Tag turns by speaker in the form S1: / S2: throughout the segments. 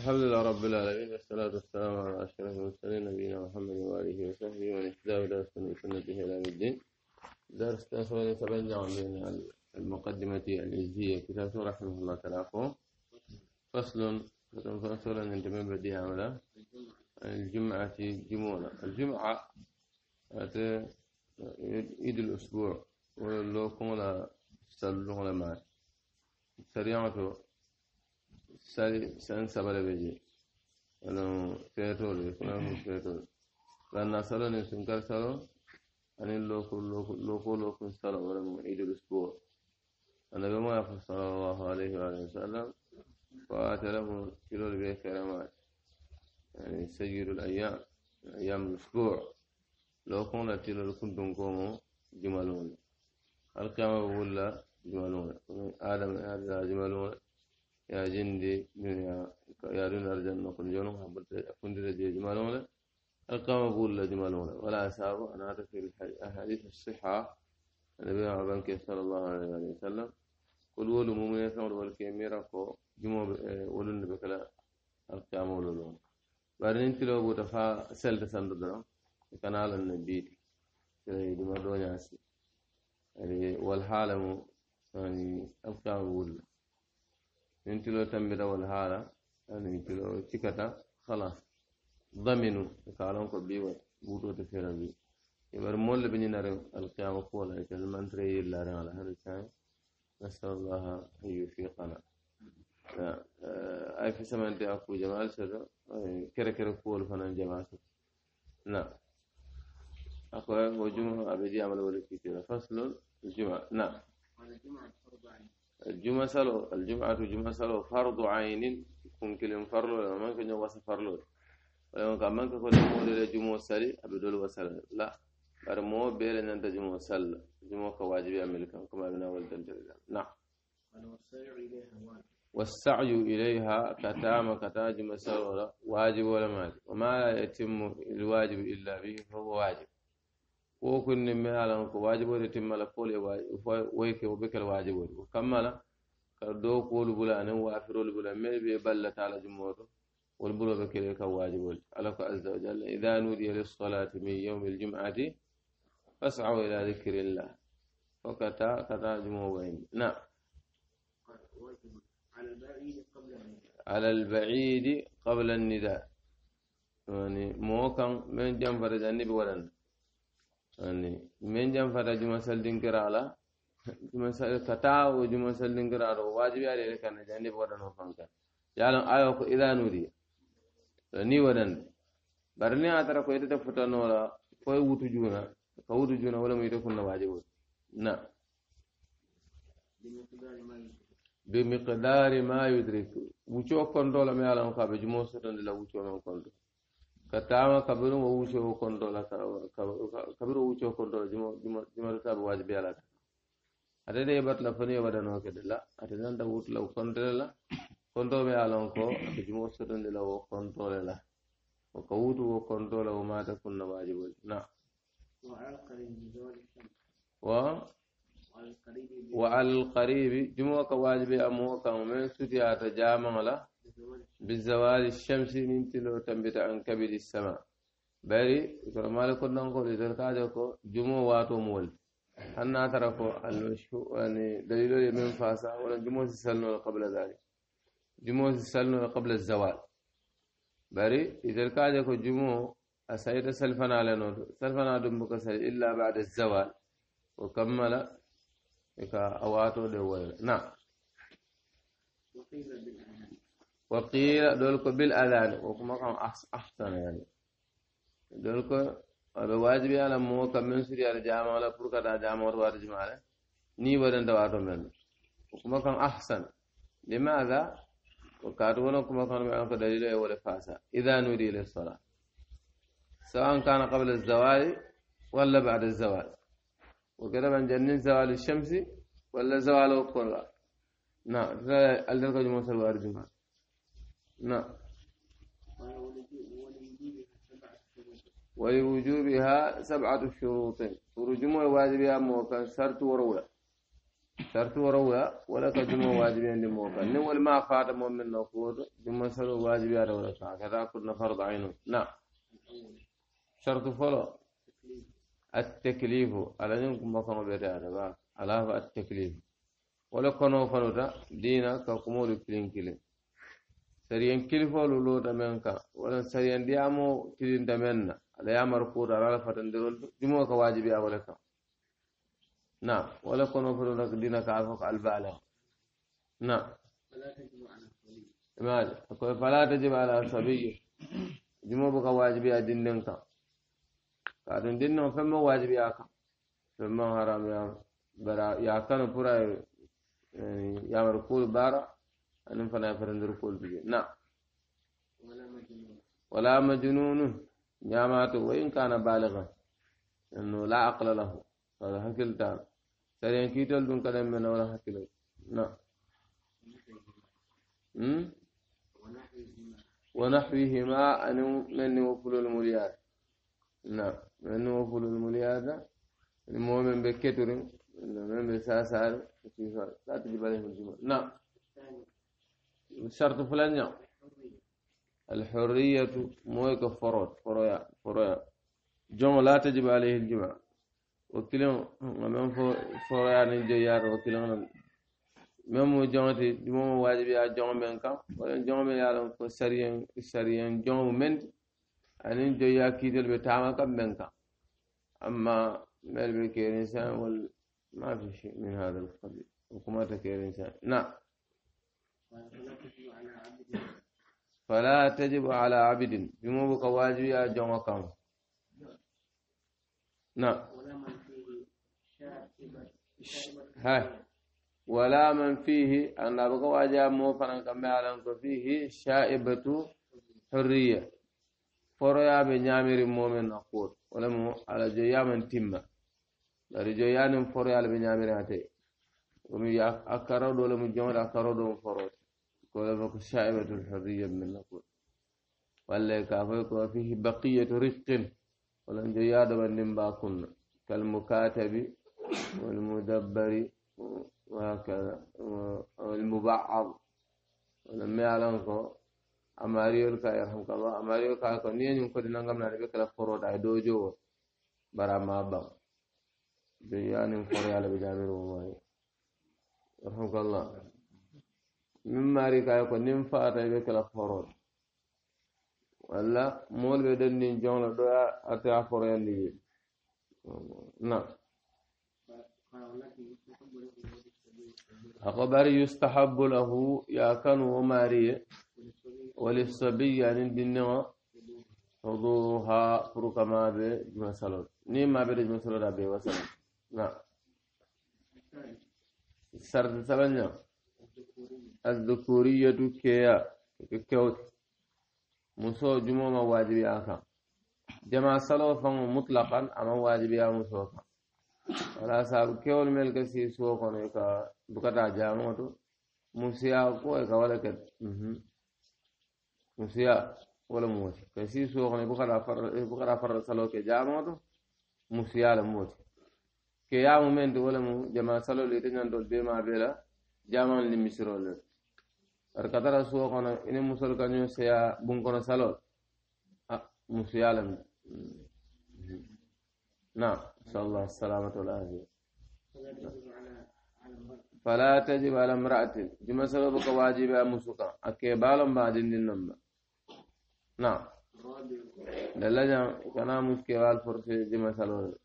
S1: الحمد لله رب العالمين والصلاة والسلام على أشرف المرسلين نبينا محمد وآله وصحبه ومن اهتدى إلى سنة وسنته إلى يوم الدين درس تاسع يتبنى من المقدمة الإجزية كتاب رحمه الله تعالى فصل فصل أن عندما بدي عمله الجمعة جمونة الجمعة عيد الأسبوع ولو كمل سلوه لما سريعته sali sen sabale be je anon feetolu kunamu feetolu ranna salo nin sunkar salo anin loko loko lokun salo wala mu idul usbuwa annabi ma ya sallallahu alaihi wa sallam fa atalamu kilol be karamat يعني سيد الأيام أيام الأسبوع لو كنا تلو لكم دنكومو جمالون القيامة بقول لا جمالون آدم هذا جمالون يا جندي دنيا يا يارين أرجن نقول جنوم حبت كن دي رجي جمالون القام أقول لجمالون ولا أسابه أنا هذا في الحديث الصحة النبي عبان صلى الله عليه وسلم قل مميز مؤمن ثمر كاميرا كو جمو ولن بكلا القيام ولون بعدين انت لو بوتفا سلت سندرا كنال النبي دي ما دونياسي يعني والحالم يعني القيام ولون انتي لو تم بدول هذا انتي لو تكتا خلاص ضمنوا كالون كبيرة بوتو تفيران بي يبر مول بني نارو القيام قولا يتل من تري على هذا الكائن نسأل الله أن يوفقنا آه، أي في سمعنا أكو جمال سر كرة كرة قول فنا جمال سر لا أكو هو جمعة أبدي عمل ولا كتير فصل الجمعة نعم الجمعة سلو الجمعة جمعة سلو فرض عين كن كلم فرلو لما كن يوم فرلو ولما كان من كن مود الجمعة سري أبدول وسل لا برمو بيل أن أنت جمعة سل جمعة كواجب أملك كما أبنا ولد الجلال نعم والسعي إليها كتام كتاج مسألة واجب ولا مال وما لا يتم الواجب إلا به فهو واجب وكن مهلا واجب ويتم القول ويك وبك الواجب وكمل كردو قول بلا ان وافر بلا ما بل تعالى جمهور والبلو بكلك واجب على عز اذا نودي للصلاه من يوم الجمعه فاسعوا الى ذكر الله وكتا كتا جمهور نعم على البعيد قبل النداء يعني مو من جنب رجال النبي ani men jam fata juma saldin kirala juma kata o juma saldin kirala o wajibi ale kan jande bodano fanka yalan ayo ko idanuri ni wadan barni atara ko ita futano la ko wutu juna ko wutu juna wala mai kunna wajibi na bi miqdari ma yudriku wucho kondola me yalan ko be jumo sotonde la wucho non kondo katama kabiro mo wucoo kondola kabiro wucoo kondola jumaritaɓe wajibi alata atede yeɓatla foni yoɓadano kedela atedanta wutla kontolela kontoɓe alon ko ata jumo sotondila wo kontolela woko wutu wo kontola wo mata kunna wajibol na wa wa alqaribi jumo ka wajibi amo kamo men sutiyata jamala بزوال الشمس ننتلو تنبت عن كبد السماء bari ikoro mali ko nanko de dor kaade ko jumo wato mol anna tara ko alwashu yani dalilo ye men fasa wala jumo si salno qabla zalik jumo si salno qabla zawal bari idar kaade ko jumo asayta salfana lano salfana dum buka sal illa ba'da zawal wa kammala ka awato de wala na وقيل بالعين وقيل دولك بالأذان وكما قام أحسن يعني دولك الواجب على يعني موك من سري على يعني جامعة ولا بركة على جامعة وروار جمالة ني ودن دواتو من وكما قام أحسن لماذا وكاتبون كما كان معك دليل ولا فاسا إذا نودي للصلاة سواء كان قبل الزوال ولا بعد الزوال وكذا من جنن زوال الشمس ولا زوال القرى نعم هذا الذي يجمع سلوى الجمعة نعم ولوجوبها سبعة شروط ورجمة يا موكا شرط ورولا شرط ورولا ولا كجمة واجبها لموكا نول ما فات من نقول جمة شرط يا رولا هكذا كنا فرض عينه نعم شرط فلو التكليف على نكم مقام بيتها على التكليف ولا كنو فلو دينا كقمور كلين كلين sariyan kilifolu loota men kan walla sariyan ndiyamo kilinta men na ala yamar kuuta e ala ala fatandiron ɗimo ka waajibi a wala kan نعم ولا كن فرنك دينك عفوك البالغ نعم ماذا فلا تجب على صبي جنوبك واجبي أدين دينك كاتن دينك فما واجبي أكا فما حرام يا برا يا كانوا برا يعني يا مركول بارا أنم فنا فرندر كول بيجي نعم ولا مجنون نعمات وإن كان بالغا أنه لا عقل له ولا حكل تام إن كيتل دون كلام من ولا حكل نعم ونحوهما أن من وفل المليار نعم من وفل المليار المهم بكتر من بساسار لا تجب عليهم الجمل نعم شرط فلان يوم الحرية مويك فروت فرويا فرويا جمع لا تجب عليه الجمع وكلم من فرويا نجي يعني يار وكلم من مو جمعتي جمع واجب يا جمع من كم ولا جمع من يعلم سريان سريان جمع من أن نجي يعني جيا كيدل بتعامل كم من كم أما مال بكير إنسان ولا ما في شيء من هذا القبيل حكومة كير إنسان نعم فلا تجب على عبد بموب قواجب يا جمع كم نعم ها ولا من فيه أن أبقى واجب مو فنان كم يعلم فيه شائبة حرية فرويا بنيامير مؤمن نقول ولا مو على جيام تمّة dari joyanin foro yal be ñamiri ate omi akara do le mu jomata akara كويبك شائبة الحرية من نقول ولا كافيك وفيه بقية رفق ولن جياد من كن كالمكاتب والمدبر وهكذا والمبعض ولم يعلم أماريو كا يرحمك الله أماريو كا كنين يمكن أن نعمل عليك كلا فرود أي دوجو برا ما بق جياني نمكوري على بجامير الله يرحمك الله من maari kaye ko nin faata ɓe kela ولا مول moolu ɓe ɗen nin jonla ɗo ate a foroyandi ye يستحب له يا كان وماري وللصبي يعني الدنيا حضورها فرق ما مثلا ني ما برج مثلا ربي وسلم نعم سرد سبنجا الذكورية كيا كوت مسو جمع ما واجبي آخا جمع صلو فهم مطلقا أما واجبي آخا مسو فهم ولا ساب كيول ملك سي سو كون يكا بكتا جامو تو مسيا كو يكا ولا كت مسيا ولا موت كسي سو كون بكتا فر بكتا فر صلو كي جامو تو مسيا لموت كيا مومنت ولا مو جمع صلو ليتنان دول بما بلا jaman ni misiro le ar katara suwo kono ini musol kanyo nyu seya bun kono salo a musiyalam na sallallahu salamatu alaihi فلا تجب على امرأة جمع سببك واجب مسوكا أكي بالم بعدين النمبر نعم لا لا دلجا كنا مشكلة الفرس جمع سلوه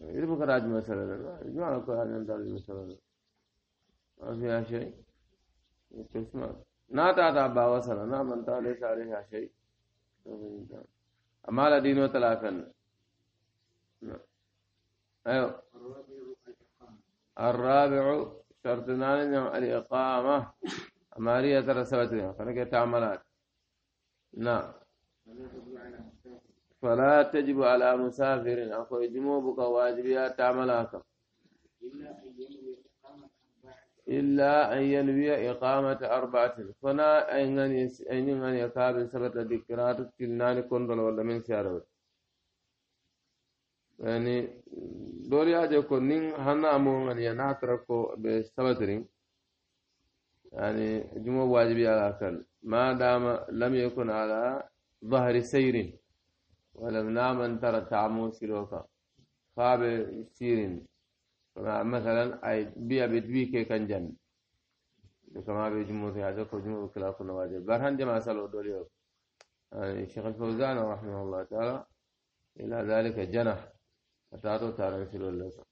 S1: يبقى راج مثلا يجمع القرآن عند راج مثلا ما فيها شيء تسمع ناتا تابا وصلنا نا من تا ليس عليها شيء أما لا دين وتلاكا أيوه الرابع شرطنا نعم، الإقامة أما هي ترى سبتها فنك تعملات نعم فلا تجب على مسافر أخو بك واجبها تعملاك إلا أن ينوي إقامة أربعة فنا أن أن يقابل سبت ذكرات تلنان كندل ولا من سيارة يعني دوري أجي نين هنا أمو أن يناتركو بسبترين يعني جمو واجبي على ما دام لم يكن على ظهر سيرين ولم نام ترى تعمو سيروكا خاب سيرين مثلا اي ابي بدوي كي جن كما بجمهور هذا كجمهور كلاف النواجه برهن جما سالو دوليو الشيخ يعني الفوزان رحمه الله تعالى إلى ذلك جنح أتاتو تارنسلو اللسان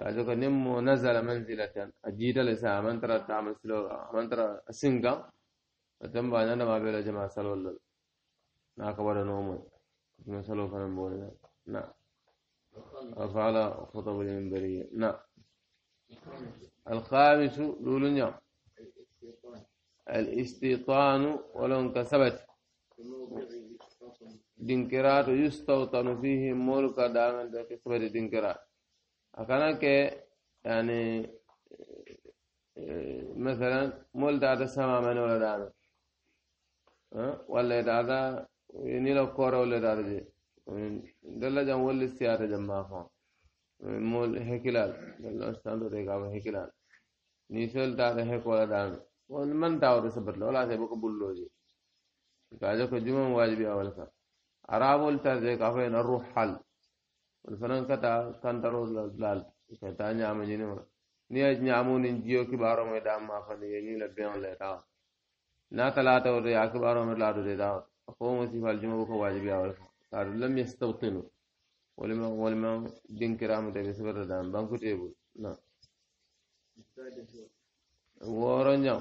S1: kajoka nimmo nazala manzilatan ajida le sa mantra tamaslo mantra singa tamba nana mabela jama salol na ناكبر نومو مثلا فلان بولد نعم أفعل خطب المنبرية نعم الخامس لول نعم الاستيطان ولو انكسبت دينكرات يستوطن فيه ملك دائما كسبة دينكرات كي يعني مثلا مول دادا سما من أه؟ ولا دائما ولا دادا nila koro le dar je dalla jam wolli siyata jam ma fa mol hekilal dalla stando de ga hekilal ni sel ta de hekola dan won man tawde sabat lola se boko bulloje kaje ko juma wajibi awal ka arabol ta de ka fa na ruhal wal fanan kata kantaro lal ka ta nyama ni ni ya nyamo ni jiyo ki baro me dam ma fa ni ni la ben le ta na talata o de akbaro me la do de dawo واجب يا ولد قالوا لم يستوطنوا ولما ولما دين كرام كرامة بسبر دام بانكو تيبول لا نعم. ورنجا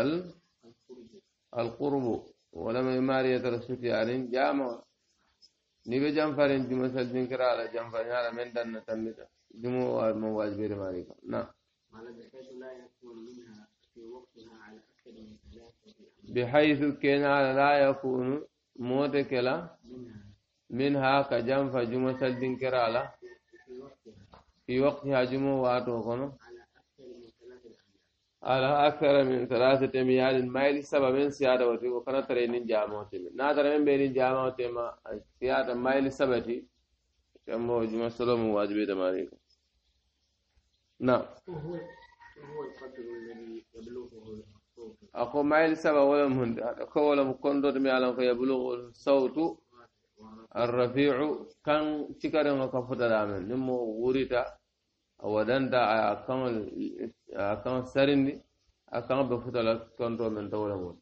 S1: ال القرب ولما يماري ترسوتي يعني جامع نيجي جام فارين دي مثل دين كرا على جام فارين على من دان نتمتا جمو واجب مواجب ماريكا نعم ما لا يكون منها بحيث كان لا يكون موتك لا منها كجم فجمع سلدين كرالا في وقتها جمع واتو كنو على أكثر من ثلاثة ميال ما يلي سبب من سيادة وتي وكنا ترين جامعة من نادر من بين جامعة ما سيادة ما يلي سبب كم هو جمع سلام واجب تمارين نعم أخو ما يلسب ولم هند أخو ولم كندر مي على خي يبلغ الصوت الرفيع كان تكر ما كفت دامن نم غوريتا ودن دا أكان أكان سرني أقول بفت على كندر من دولة مون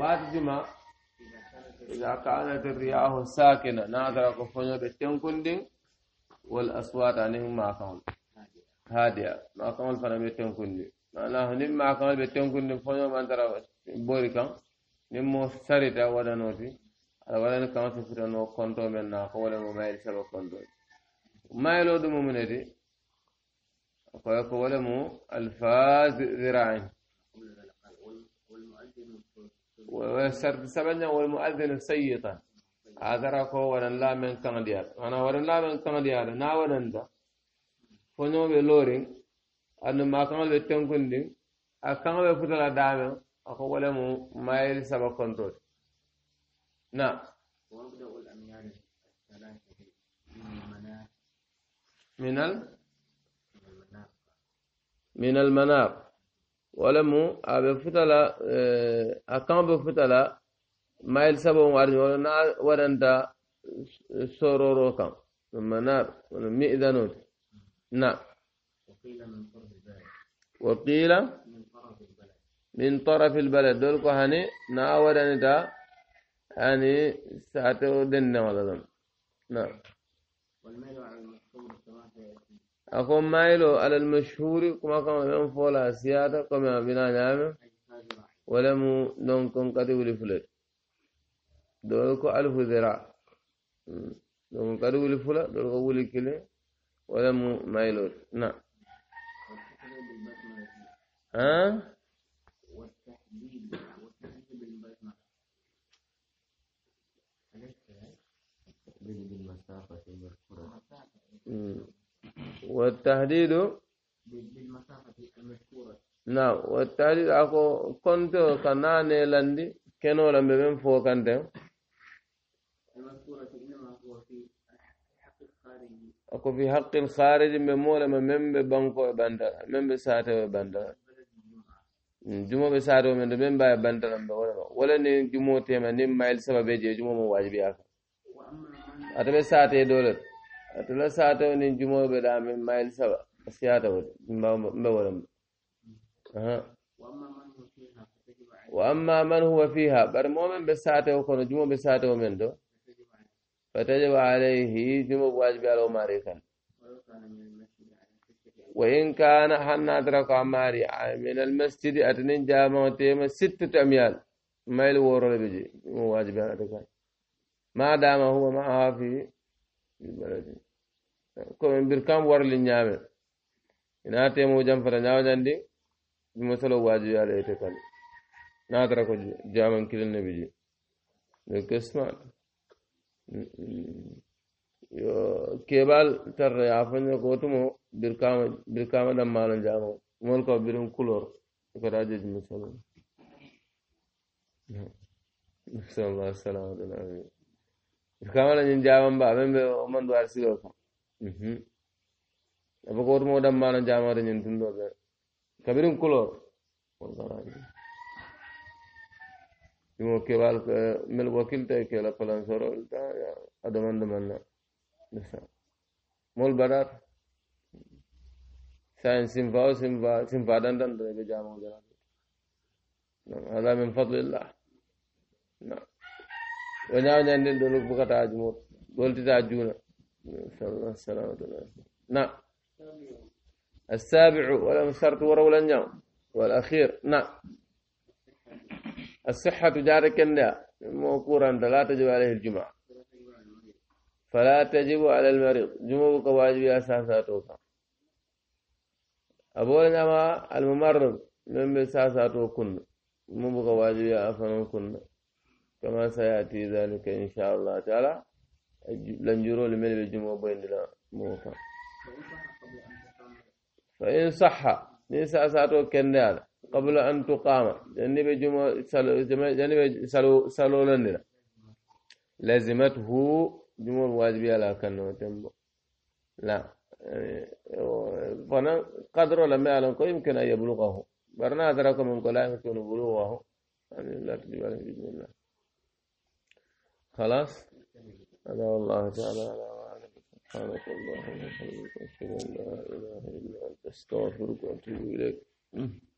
S1: وات جمع إذا كانت الرياح ساكنة نادر كفنو بتنكندين والأصوات عنهم ما كانوا هادئة ما كمل فنا بيتون كندي أنا هني ما كمل بيتون كندي فنو ما ترى بوريكا نمو سريتا ودا نوتي على ودا نكمل في نو كنترول من ناقو ولا مو مايل سبب كنترول ما يلود أقول أقولك ولا مو الفاز ذراعين وسرد سبعنا والمؤذن السيطة هذا راكو ولا لا من كان أنا ولا لا من كان نا ولا ندا foñoo ɓe looriŋ aduŋ maa kaŋo ɓe tenkundiŋ a kaŋo ɓe futala daameŋ a ko wo le mu mayil saba kontoo ti na minal minal manar wo le mu a ɓe futala a kaŋo ɓe futala mayil saba waariŋ wala naŋ waranta sororo kaŋ manar wala midanoo ti نعم وقيل من طرف البلد وقيل من طرف البلد من طرف البلد دول كو هاني ناور انتا هاني ساتو دن ولا نعم والميل على المشهور كما سيأتي مايلو على المشهور كما كما من فولا سيادة كما بنا نعم ولم دونكم قد ولفلت دول كو ألف ذراع نكن قد ولفلت دول كو كلي ولم مايلون نعم ها والتحديد بالمسافة المذكورة نعم والتحديد أكو كنت كناني لندي كنو لم بمن فوق المذكورة ko fi haqqin kharij me moola me membe banko e banda membe be e banda jumo be saatewo men do meŋ e banda mbe wolema wala ne jumo tema niŋ mail sababe je jumo mo wajibi ak ata be saate dole ata la saatewo niŋ jumo be daa meŋ mayil saba siyata wo mbe aha wa amma man huwa fiha bar mo meŋ be ko no jumo be saatewo men do فتجب عليه جمب واجب على ماركا وإن كان حنا أدرك ماري من المسجد أتنين جامع تيمة ستة أميال ما الورو بيجي واجب على ما دام هو معها في البلد كم بركام ور لنيامه إن أتيمو جنب فرنجاو جندي بمثل واجب على إتكال نادرك جامع كل النبي لكسمات keɓal tarra yafañe kotumo birkama birkama ɗammano jamo mol ko birin couleur kota jeji musolon sallah salamatu alamin birkamala ñin jamamba men ɓe o man duwar sigo ko abo kotumo ɗammano jamata ñin tunɗo ɓe kabirin couleur wolkanaji imo kebal mel wakilta kela palansorolta adamandamanna desa mol badat sain simfao simfa simfadandan ɓe jamo jara hada min fadlillah na o ñawñandin ɗo bukata ajumo ɗoltita juna sallah salamatullah na السابع ولم شرط ورا ولا الأخير نعم الصحة جارة كندا موقورا فلا تجب عليه الجمعة فلا تجب على المريض جمعة واجب يا ساساتوكا أبونا نما الممرض من بساساتو توكن مبقى واجب يا أفنون كن كما سيأتي ذلك إن شاء الله تعالى لنجروا لمن الجمعة بين موفا فإن صح نساساتو كندا قبل أن تقام جنب جمع سلو جنب سلو سلو لندنا لازمته جمع واجبية على كنو تنبو لا فانا قدره لما يعلم يمكن أن يبلغه برنا أدركم من لا يمكن بلوغه يعني لا تجب عليه بإذن الله خلاص هذا والله تعالى سبحانك اللهم وبحمدك أشهد أن لا إله إلا أنت أستغفرك وأتوب إليك